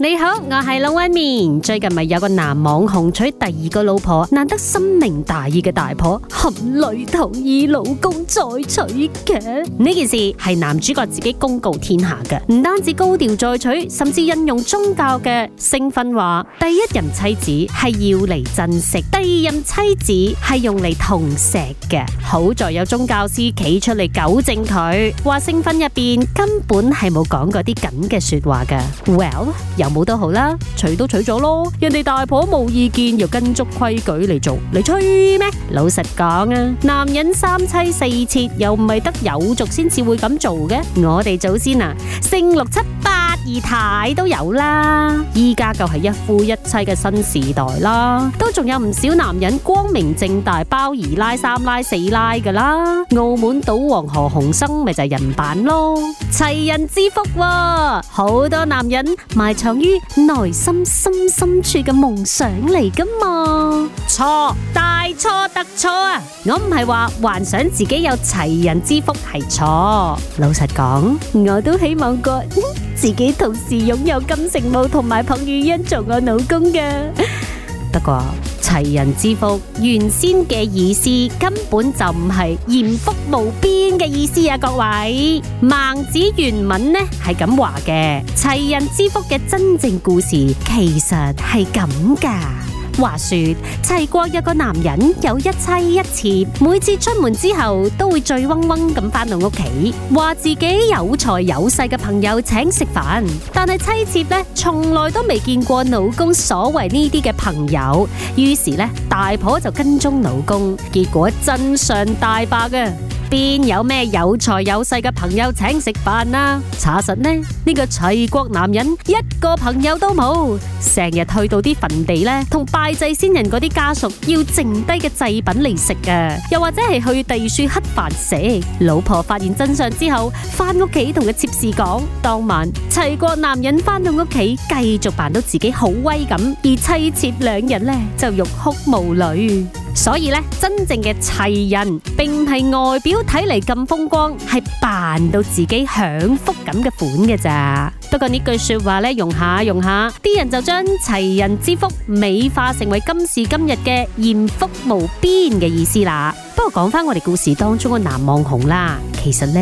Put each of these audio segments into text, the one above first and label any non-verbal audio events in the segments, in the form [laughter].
你好，我係龍紋敏。最近咪有個男網紅娶第二個老婆，難得心明大義嘅大婆含淚同意老公再娶嘅。呢件事係男主角自己公告天下嘅，唔單止高調再娶，甚至引用宗教嘅聖訓話：第一任妻子係要嚟珍惜，第二任妻子係用嚟同錫嘅。好在有宗教師企出嚟糾正佢，話聖訓入邊根本係冇講過啲咁嘅說話嘅。Well，冇都好啦，娶都娶咗咯，人哋大婆冇意見，又跟足規矩嚟做，你吹咩？老實講啊，男人三妻四妾又唔係得有族先至會咁做嘅，我哋祖先啊，姓六七八。二太都有啦，依家就係一夫一妻嘅新時代啦，都仲有唔少男人光明正大包二奶、三奶、四奶噶啦。澳門賭王何鴻燊咪就係、是、人版咯，齊人之福好、啊、多男人埋藏於內心深深處嘅夢想嚟噶嘛？錯大錯特錯啊！我唔係話幻想自己有齊人之福，係錯。老實講，我都希望個。 [laughs] 自己同時擁有金城武同埋彭于晏做我老公噶， [laughs] 不過齊人之福原先嘅意思根本就唔係艷福無邊嘅意思啊！各位孟子原文呢係咁話嘅，齊人之福嘅真正故事其實係咁噶。話說齊國有個男人有一妻一妾，每次出門之後都會醉醺醺咁返到屋企，話自己有財有勢嘅朋友請食飯，但係妻妾呢，從來都未見過老公所謂呢啲嘅朋友，於是呢，大婆就跟蹤老公，結果真相大白嘅，啊，邊有咩有財有勢嘅朋友請食飯啊？查實呢呢、呢個齊國男人一個朋友都冇，成日去到啲墳地咧，同拜祭先人嗰啲家屬要剩低嘅祭品嚟食啊！又或者係去地處乞飯食。老婆發現真相之後，翻屋企同佢妾侍講，當晚齊國男人翻到屋企，繼續扮到自己好威咁，而妻妾兩人呢，就欲哭無淚。所以呢，真正嘅齊人並唔係外表睇嚟咁風光，係扮到自己享福咁嘅款㗎咋。不過呢句說話咧，用下用下，啲人們就將齊人之福美化成為今時今日嘅艷福無邊嘅意思啦。講翻我哋故事當中嘅難忘紅啦，其實呢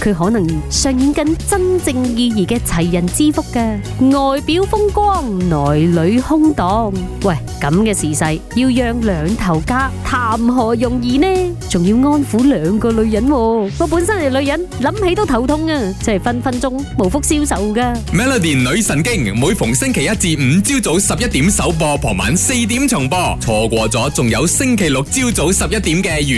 佢可能上演緊真正意義嘅齊人之福嘅外表風光，內裏空蕩。喂，咁嘅時勢要讓兩頭家，談何容易呢？仲要安撫兩個女人，我本身係女人，諗起都頭痛啊！真係分分鐘無福消受噶。Melody 女神經，每逢星期一至五朝早十一點首播，傍晚四點重播。錯過咗，仲有星期六朝早十一點嘅。